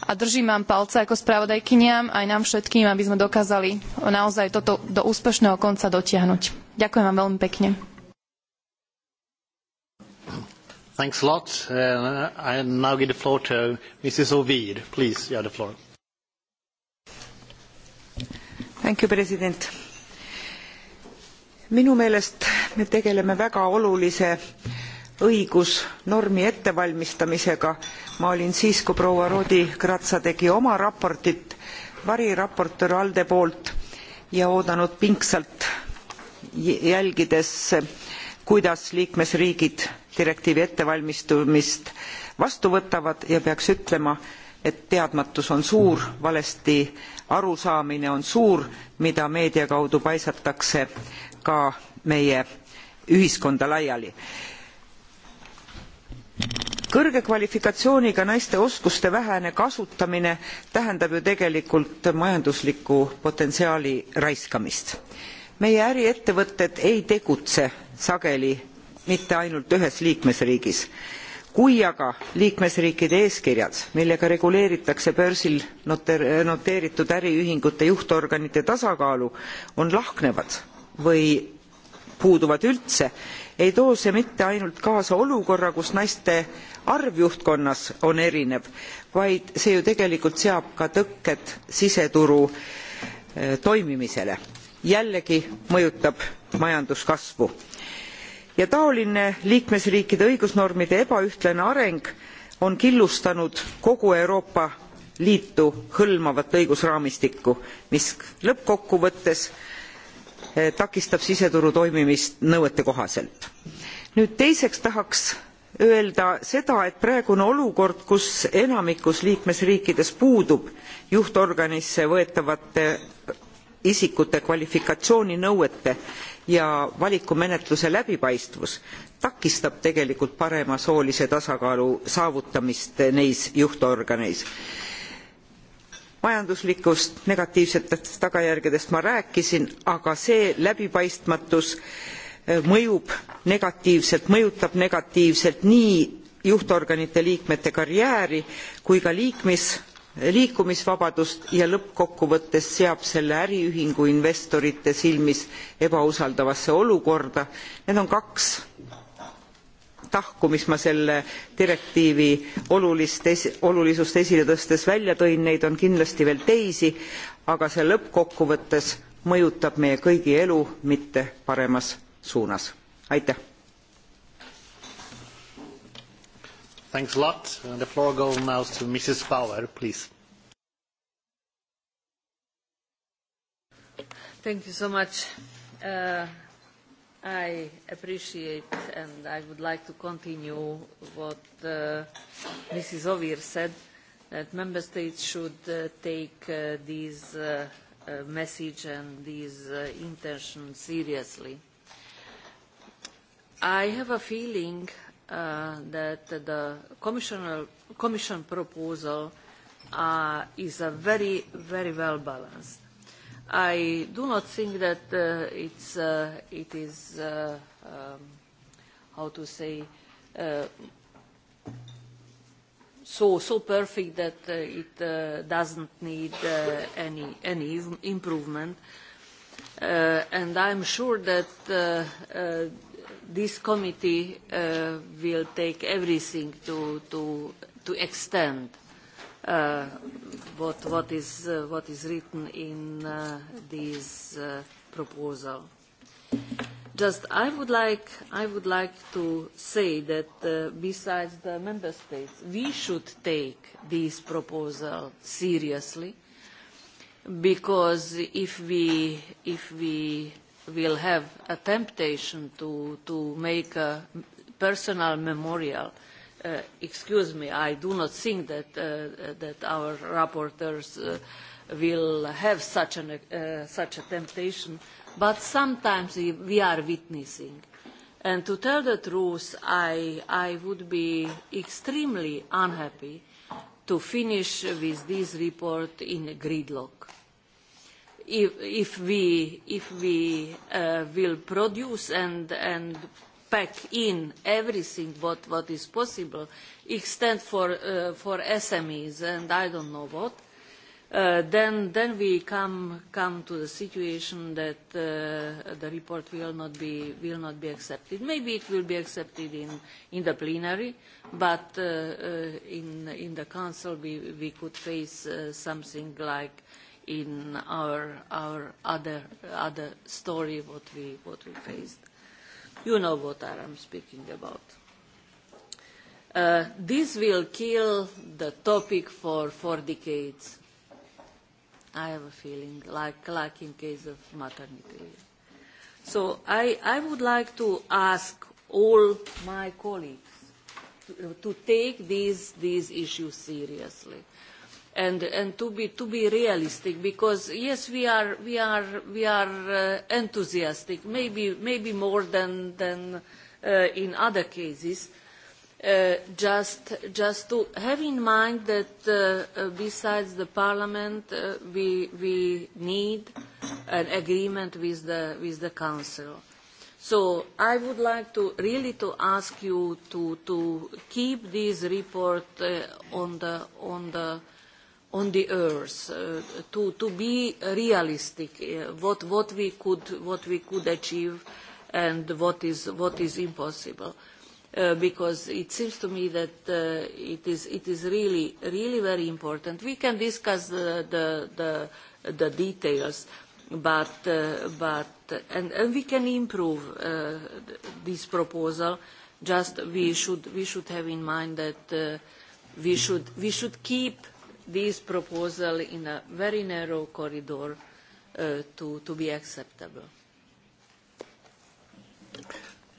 a držím vám palce ako spravodajkyniam aj nám všetkým, aby sme dokázali naozaj toto do úspešného konca dotiahnuť. Ďakujem vám veľmi pekne. Thanks a lot. Uh, I now give the floor to Mrs. Ovid. Please, you have the floor. Thank you, President. minu meelest me tegeleme väga olulise õigusnormi ettevalmistamisega. ma olin siis, kui proua Rodi Kratsa tegi oma raportit variraportöör ALDE poolt ja oodanud pingsalt jälgides kuidas liikmesriigid direktiivi ettevalmistamist vastu võtavad ja peaks ütlema et teadmatus on suur valesti arusaamine on suur mida meedia kaudu paisatakse ka meie ühiskonda laiali kõrge kvalifikatsiooniga naiste oskuste vähene kasutamine tähendab ju tegelikult majandusliku potentsiaali raiskamist meie äriettevõtted ei tegutse sageli mitte ainult ühes liikmesriigis kui aga liikmesriikide eeskirjad millega reguleeritakse börsil noteeritud äriühingute juhtorganite tasakaalu on lahknevad või puuduvad üldse ei too see mitte ainult kaasa olukorra kus naiste arv juhtkonnas on erinev vaid see ju tegelikult seab ka tõkked siseturu eh, toimimisele jällegi mõjutab majanduskasvu ja taoline liikmesriikide õigusnormide ebaühtlane areng on killustanud kogu euroopa liitu hõlmavat õigusraamistikku mis lõppkokkuvõttes eh, takistab siseturu toimimist nõuetekohaselt. nüüd teiseks tahaks öelda seda et praegune olukord kus enamikus liikmesriikides puudub juhtorganisse võetavate isikute kvalifikatsiooninõuete ja valikumenetluse läbipaistvus takistab tegelikult parema soolise tasakaalu saavutamist neis juhtorganeis. majanduslikust negatiivsetest tagajärgedest ma rääkisin aga see läbipaistmatus eh, mõjub negatiivselt mõjutab negatiivselt nii juhtorganite liikmete karjääri kui ka liikmes liikumisvabadust ja lõppkokkuvõttes seab selle äriühingu investorite silmis ebausaldavasse olukorda. need on kaks tahku mis ma selle direktiivi es olulisust esile tõstes välja tõin neid on kindlasti veel teisi aga see lõppkokkuvõttes mõjutab meie kõigi elu mitte paremas suunas. aitäh! Thanks a lot. And uh, the floor goes now to Mrs. Bauer, please. Thank you so much. Uh, I appreciate and I would like to continue what uh, Mrs. Ovir said, that member states should uh, take uh, these uh, uh, message and these uh, intention seriously. I have a feeling uh, that the commission, commission proposal uh, is a very, very well balanced. I do not think that uh, it's, uh, it is, uh, um, how to say, uh, so, so perfect that uh, it uh, doesn't need uh, any, any improvement. Uh, and I'm sure that uh, uh, this committee uh, will take everything to, to, to extend uh, what, what, is, uh, what is written in uh, this uh, proposal. Just I would like, I would like to say that uh, besides the member states, we should take this proposal seriously because if we, if we uh, will have a temptation to, to make a personal memorial. Uh, excuse me, I do not think that, uh, that our rapporteurs uh, will have such, an, uh, such a temptation, but sometimes we are witnessing. And to tell the truth, I, I would be extremely unhappy to finish with this report in a gridlock if, if we, if we uh, will produce and, and pack in everything what, what is possible, extend for, uh, for SMEs and I don't know what, uh, then, then we come, come to the situation that uh, the report will not, be, will not be accepted. Maybe it will be accepted in, in the plenary, but uh, uh, in, in the Council we, we could face uh, something like in our, our other, other story what we, what we faced. You know what I'm speaking about. Uh, this will kill the topic for four decades. I have a feeling, like, like in case of maternity leave. So I, I would like to ask all my colleagues to, to take these, these issues seriously. Uh, and and to be to be realistic because yes we are we are we are uh, enthusiastic maybe maybe more than than uh, in other cases uh, just just to have in mind that uh, uh, besides the parliament uh, we we need an agreement with the with the council so i would like to really to ask you to to keep this report uh, on the on the uh, on the earth uh, to to be realistic uh, what what we could what we could achieve and what is what is impossible uh, because it seems to me that uh, it is it is really really very important we can discuss the the the, the details but uh, but and, and we can improve uh, this proposal just we should we should have in mind that uh, we should we should keep uh, these proposals in a very narrow corridor uh, to, to be acceptable.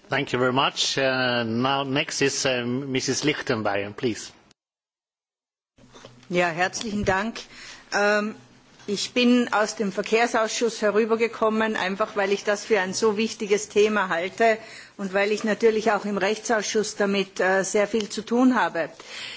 Thank you very much. Uh, now next is uh, Mrs. Lichtenberger, please. Ja, herzlichen Dank. Ähm, ich bin aus dem Verkehrsausschuss herübergekommen, einfach weil ich das für ein so wichtiges Thema halte und weil ich natürlich auch im Rechtsausschuss damit äh, sehr viel zu tun habe.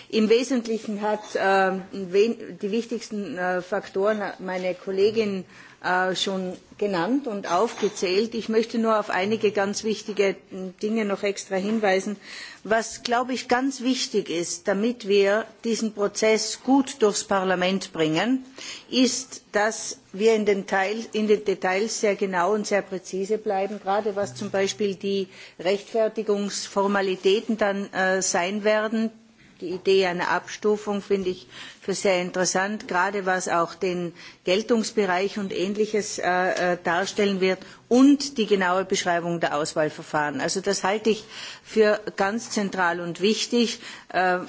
Im Wesentlichen hat äh, die wichtigsten äh, Faktoren äh, meine Kollegin äh, äh, schon genannt und aufgezählt. Ich möchte nur auf einige ganz wichtige hm, Dinge noch extra hinweisen, was, glaube ich, ganz wichtig ist, damit wir diesen Prozess gut durchs Parlament bringen, ist, dass wir in den, Teil, in den Details sehr genau und sehr präzise bleiben, gerade was zum Beispiel die Rechtfertigungsformalitäten dann äh, sein werden, die Idee einer Abstufung finde ich für sehr interessant, gerade was auch den Geltungsbereich und Ähnliches äh, äh, darstellen wird und die genaue Beschreibung der Auswahlverfahren. Also das halte ich für ganz zentral und wichtig. Äh,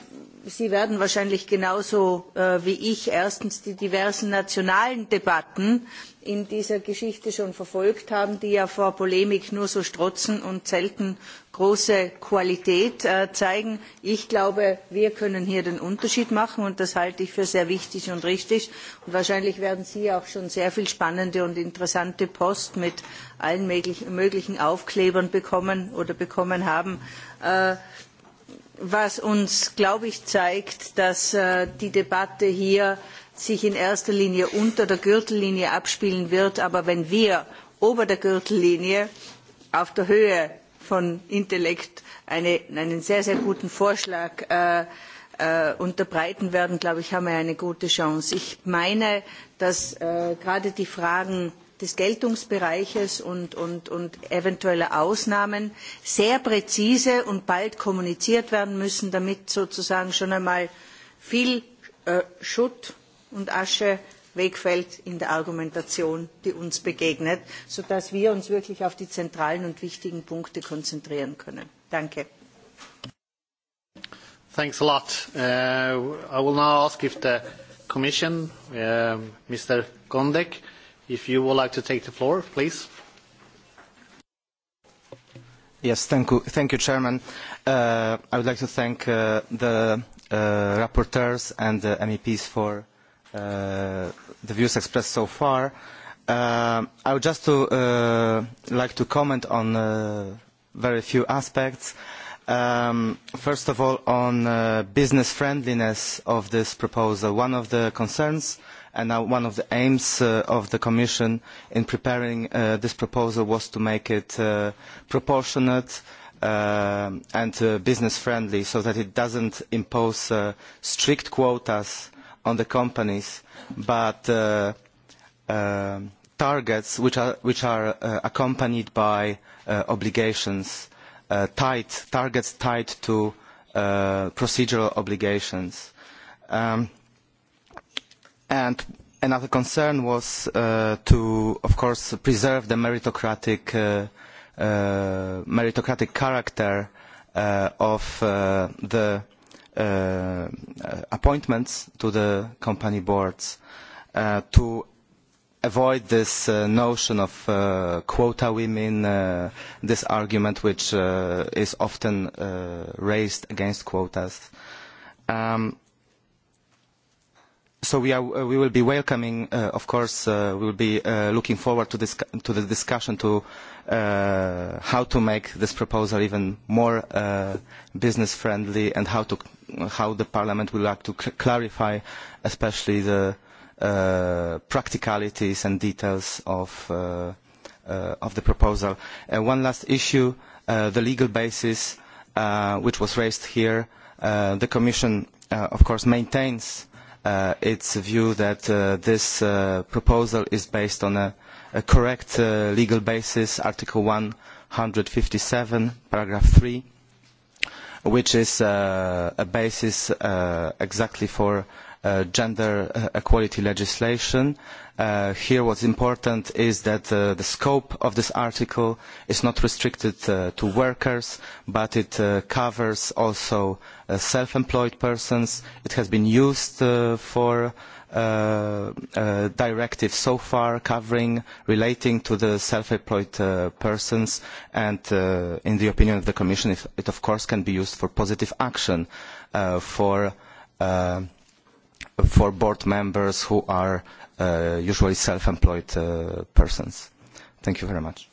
Sie werden wahrscheinlich genauso äh, wie ich erstens die diversen nationalen Debatten in dieser Geschichte schon verfolgt haben, die ja vor Polemik nur so strotzen und selten große Qualität äh, zeigen. Ich glaube, wir können hier den Unterschied machen und das halte ich für sehr wichtig und richtig. Und wahrscheinlich werden Sie auch schon sehr viel spannende und interessante Post mit allen möglichen Aufklebern bekommen oder bekommen haben. Äh, was uns, glaube ich, zeigt, dass äh, die Debatte hier äh, sich in erster Linie unter der Gürtellinie abspielen wird. Aber wenn wir ober der Gürtellinie auf der Höhe von Intellekt eine, einen sehr, sehr guten Vorschlag äh, äh, unterbreiten werden, glaube ich, haben wir eine gute Chance. Ich meine, dass äh, gerade die Fragen des Geltungsbereiches und, und, und eventueller Ausnahmen sehr präzise und bald kommuniziert werden müssen, damit sozusagen schon einmal viel äh, Schutt und Asche wegfällt in der Argumentation, die uns begegnet, sodass wir uns wirklich auf die zentralen und wichtigen Punkte konzentrieren können. Danke. Thanks a lot. Uh, I will now ask if the Commission, uh, Mr. Gondek, if you would like to take the floor, please. Yes, thank you, thank you Chairman. Uh, I would like to thank uh, the uh, rapporteurs and the MEPs for uh, the views expressed so far. Uh, I would just to, uh, like to comment on uh, very few aspects. Um, first of all, on uh, business friendliness of this proposal. One of the concerns and now one of the aims uh, of the Commission in preparing uh, this proposal was to make it uh, proportionate uh, and uh, business friendly so that it doesn't impose uh, strict quotas on the companies, but uh, uh, targets which are, which are uh, accompanied by uh, obligations, uh, tied, targets tied to uh, procedural obligations. Um, and another concern was uh, to, of course, preserve the meritocratic, uh, uh, meritocratic character uh, of uh, the uh, uh, appointments to the company boards uh, to avoid this uh, notion of uh, quota women, uh, this argument which uh, is often uh, raised against quotas. Um, so we, are, uh, we will be welcoming, uh, of course, uh, we will be uh, looking forward to, this, to the discussion to uh, how to make this proposal even more uh, business friendly and how, to, how the Parliament will have to cl clarify especially the uh, practicalities and details of, uh, uh, of the proposal. Uh, one last issue, uh, the legal basis, uh, which was raised here. Uh, the Commission, uh, of course, maintains uh, uh, its view that uh, this uh, proposal is based on a, a correct uh, legal basis, Article 157, paragraph 3, which is uh, a basis uh, exactly for uh, gender uh, equality legislation. Uh, here what's important is that uh, the scope of this article is not restricted uh, to workers, but it uh, covers also uh, self-employed persons. It has been used uh, for uh, uh, directive so far covering relating to the self-employed uh, persons and uh, in the opinion of the Commission it, it of course can be used for positive action uh, for uh, for board members who are uh, usually self-employed uh, persons. Thank you very much.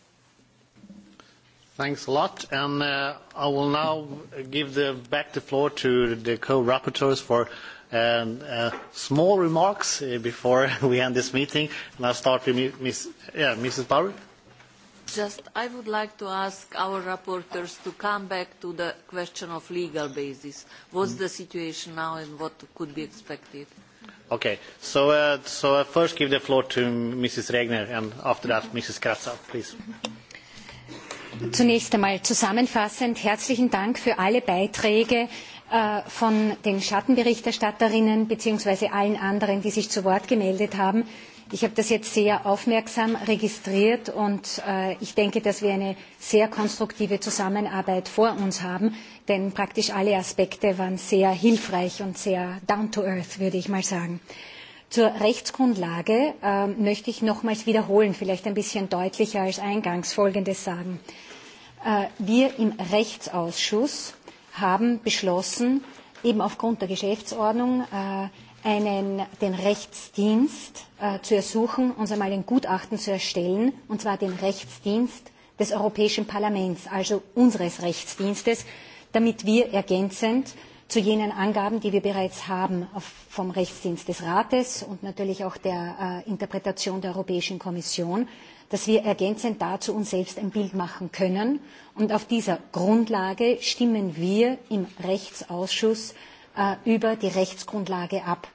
Thanks a lot. And uh, I will now give the, back the floor to the co-rapporteurs for um, uh, small remarks uh, before we end this meeting. And I'll start with Ms. Yeah, Mrs. Bauer. Just, I would like to ask our rapporteurs to come back to the question of legal basis. What's the situation now and what could be expected? Okay, so, uh, so uh, first give the floor to Mrs. Regner and after that Mrs. Kratzer, please. Zunächst einmal zusammenfassend herzlichen Dank für alle Beiträge äh, von den Schattenberichterstatterinnen bzw. allen anderen, die sich zu Wort gemeldet haben. Äh, Ich habe das jetzt sehr aufmerksam registriert und äh, ich denke, dass wir eine sehr konstruktive Zusammenarbeit vor uns haben, denn praktisch alle Aspekte waren sehr hilfreich und sehr down to earth, würde ich mal sagen. Zur Rechtsgrundlage äh, möchte ich nochmals wiederholen, vielleicht ein bisschen deutlicher als eingangs Folgendes sagen. Äh, wir im Rechtsausschuss haben beschlossen, eben aufgrund der Geschäftsordnung äh, einen, den Rechtsdienst äh, zu ersuchen, uns einmal ein Gutachten zu erstellen, und zwar den Rechtsdienst des Europäischen Parlaments, also unseres Rechtsdienstes, damit wir ergänzend zu jenen Angaben, die wir bereits haben vom Rechtsdienst des Rates und natürlich auch der äh, Interpretation der Europäischen Kommission, dass wir ergänzend dazu uns selbst ein Bild machen können. Und auf dieser Grundlage stimmen wir im Rechtsausschuss äh, über die Rechtsgrundlage ab.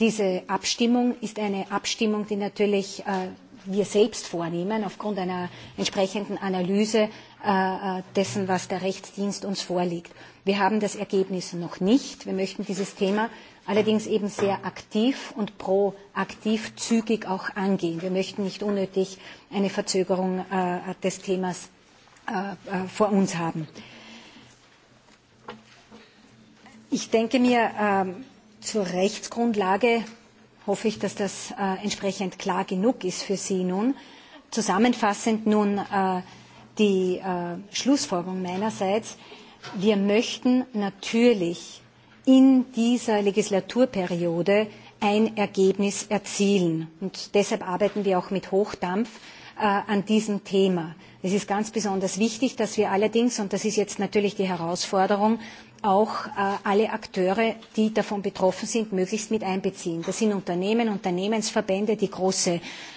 Diese Abstimmung ist eine Abstimmung, die natürlich äh, wir selbst vornehmen, aufgrund einer entsprechenden Analyse äh, äh, dessen, was der Rechtsdienst uns vorlegt. Wir haben das Ergebnis noch nicht. Wir möchten dieses Thema allerdings eben sehr aktiv und proaktiv zügig auch angehen. Wir möchten nicht unnötig eine Verzögerung äh, des Themas äh, äh vor uns haben. Äh, Ich denke mir, ähm, zur Rechtsgrundlage hoffe ich, dass das äh, entsprechend klar genug ist für Sie nun. Zusammenfassend nun äh, die äh, Schlussfolgerung meinerseits. Wir möchten natürlich in dieser Legislaturperiode ein Ergebnis erzielen. Und deshalb arbeiten wir auch mit Hochdampf äh, an diesem Thema. Es ist ganz besonders wichtig, dass wir allerdings, und das ist jetzt natürlich die Herausforderung, auch äh, alle Akteure, die davon betroffen sind, möglichst mit einbeziehen. Das sind Unternehmen, Unternehmensverbände, die große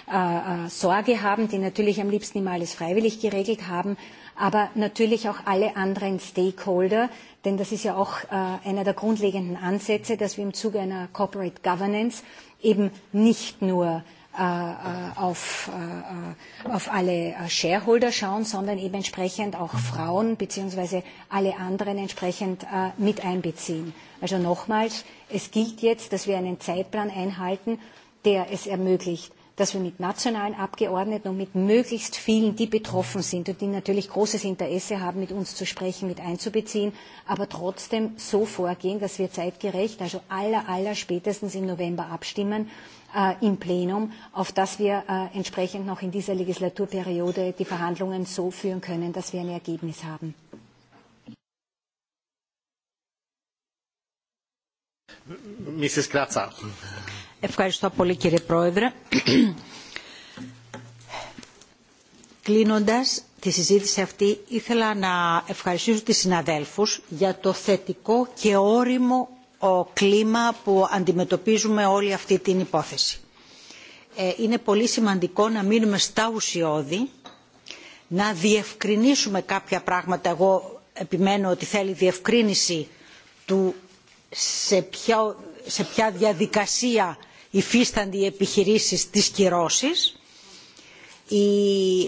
äh, äh, Sorge haben, die natürlich am liebsten immer alles freiwillig geregelt haben, aber natürlich auch alle anderen Stakeholder, denn das ist ja auch äh, einer der grundlegenden Ansätze, dass wir im Zuge einer Corporate Governance eben nicht nur äh, Äh, äh, auf, äh, auf alle Shareholder schauen, sondern eben entsprechend auch Frauen bzw. alle anderen entsprechend mit einbeziehen. Also nochmals, es gilt jetzt, dass wir einen Zeitplan einhalten, der es ermöglicht, dass wir mit nationalen Abgeordneten und mit möglichst vielen, die betroffen sind und die natürlich großes Interesse haben, mit uns zu sprechen, mit einzubeziehen, aber trotzdem so vorgehen, dass wir zeitgerecht, also aller, aller spätestens im November abstimmen äh, im Plenum, auf dass wir äh, entsprechend noch in dieser Legislaturperiode die Verhandlungen so führen können, dass wir ein Ergebnis haben. Mrs. Kratza. Ευχαριστώ πολύ κύριε Πρόεδρε. Κλείνοντας τη συζήτηση αυτή, ήθελα να ευχαριστήσω τις συναδέλφους για το θετικό και όριμο κλίμα που αντιμετωπίζουμε όλη αυτή την υπόθεση. Είναι πολύ σημαντικό να μείνουμε στα ουσιώδη, να διευκρινίσουμε κάποια πράγματα. Εγώ επιμένω ότι θέλει διευκρίνηση του σε ποια, σε ποια διαδικασία υφίστανται οι επιχειρήσεις της κυρώσεις η,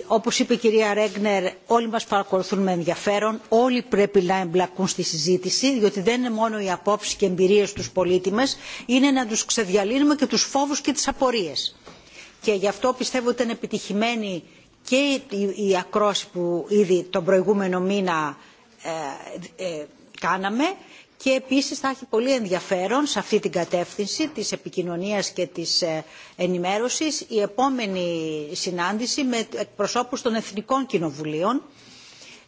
όπως είπε η κυρία Ρέγνερ, όλοι μας παρακολουθούν με ενδιαφέρον, όλοι πρέπει να εμπλακούν στη συζήτηση, διότι δεν είναι μόνο οι απόψεις και εμπειρίες τους πολίτη μας, είναι να τους ξεδιαλύνουμε και τους φόβους και τις απορίες. Και γι' αυτό πιστεύω ότι ήταν επιτυχημένη και η, η ακρόση που ήδη τον προηγούμενο μήνα ε, ε, κάναμε, και επίσης θα έχει πολύ ενδιαφέρον σε αυτή την κατεύθυνση της επικοινωνίας και της ενημέρωσης η επόμενη συνάντηση με εκπροσώπους των Εθνικών Κοινοβουλίων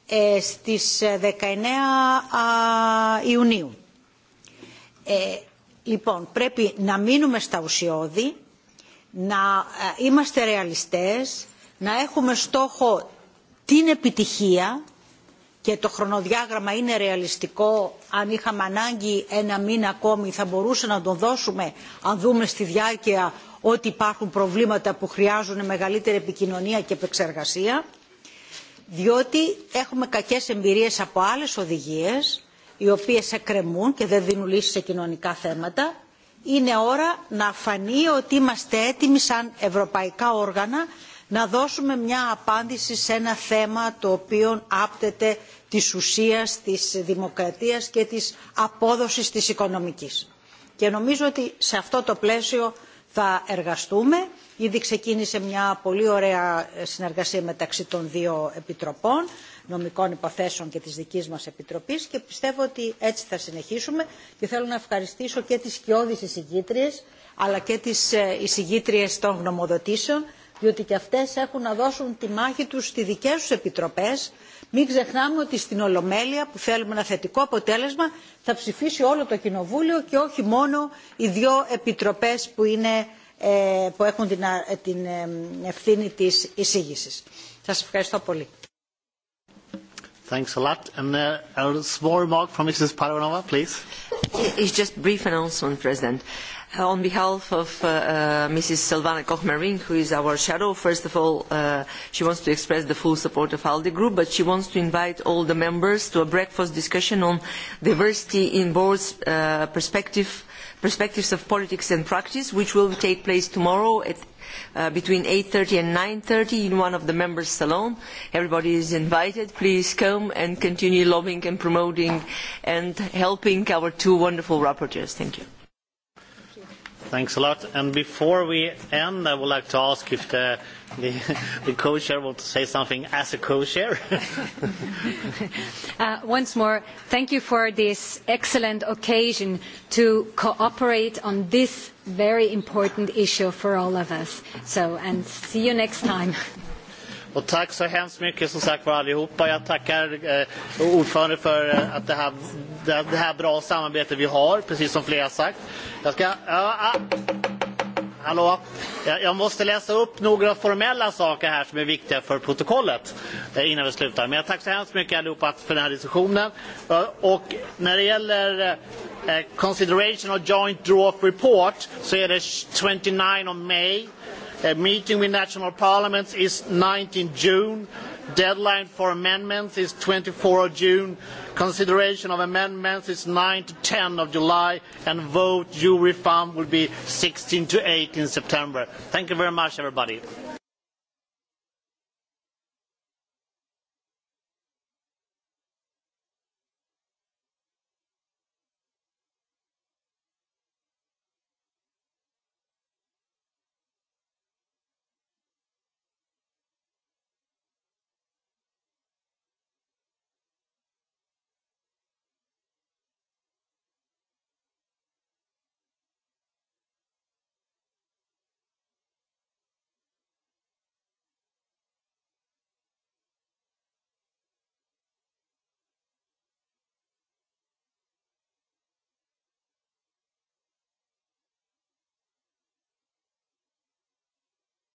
ε, στις 19 Ιουνίου. Ε, λοιπόν, πρέπει να μείνουμε στα ουσιώδη, να είμαστε ρεαλιστές, να έχουμε στόχο την επιτυχία και το χρονοδιάγραμμα είναι ρεαλιστικό. Αν είχαμε ανάγκη ένα μήνα ακόμη θα μπορούσε να τον δώσουμε αν δούμε στη διάρκεια ότι υπάρχουν προβλήματα που χρειάζονται μεγαλύτερη επικοινωνία και επεξεργασία. Διότι έχουμε κακές εμπειρίες από άλλες οδηγίες οι οποίες εκκρεμούν και δεν δίνουν λύσεις σε κοινωνικά θέματα. Είναι ώρα να φανεί ότι είμαστε έτοιμοι σαν ευρωπαϊκά όργανα να δώσουμε μια απάντηση σε ένα θέμα το οποίο άπτεται της ουσίας, της δημοκρατίας και της απόδοσης της οικονομικής. Και νομίζω ότι σε αυτό το πλαίσιο θα εργαστούμε. Ήδη ξεκίνησε μια πολύ ωραία συνεργασία μεταξύ των δύο επιτροπών, νομικών υποθέσεων και της δικής μας επιτροπής και πιστεύω ότι έτσι θα συνεχίσουμε και θέλω να ευχαριστήσω και τις σκιώδεις εισηγήτριες αλλά και τις εισηγήτριες των γνωμοδοτήσεων διότι και αυτές έχουν να δώσουν τη μάχη τους στις δικές τους επιτροπές. Μην ξεχνάμε ότι στην Ολομέλεια που θέλουμε ένα θετικό αποτέλεσμα θα ψηφίσει όλο το Κοινοβούλιο και όχι μόνο οι δύο επιτροπές που, είναι, ε, που έχουν την, την ευθύνη της εισήγησης. Σας ευχαριστώ πολύ. Thanks a lot. And uh, a small remark from Mrs. Paranova, please. It's just brief announcement, President. Uh, Uh, on behalf of uh, uh, Mrs. Silvana Koch-Marin, who is our shadow, first of all, uh, she wants to express the full support of ALDE Group, but she wants to invite all the members to a breakfast discussion on diversity in boards uh, perspective, perspectives of politics and practice, which will take place tomorrow at uh, between 8.30 and 9.30 in one of the members' salon. Everybody is invited. Please come and continue lobbying and promoting and helping our two wonderful rapporteurs. Thank you. Thanks a lot. And before we end, I would like to ask if the, the, the co-chair wants to say something as a co-chair. uh, once more, thank you for this excellent occasion to cooperate on this very important issue for all of us. So, and see you next time. Och tack så hemskt mycket som sagt var allihopa. Jag tackar eh, ordförande för eh, att det här, det, det här bra samarbetet vi har, precis som flera har sagt. Jag ska... Ja, ah, hallå? Jag, jag måste läsa upp några formella saker här som är viktiga för protokollet eh, innan vi slutar. Men jag tackar så hemskt mycket allihopa för den här diskussionen. Eh, och när det gäller eh, consideration of joint draw report så är det 29 of May A meeting with national parliaments is 19 June. Deadline for amendments is 24 of June. Consideration of amendments is 9 to 10 of July, and vote jury fund will be 16 to 18 September. Thank you very much, everybody.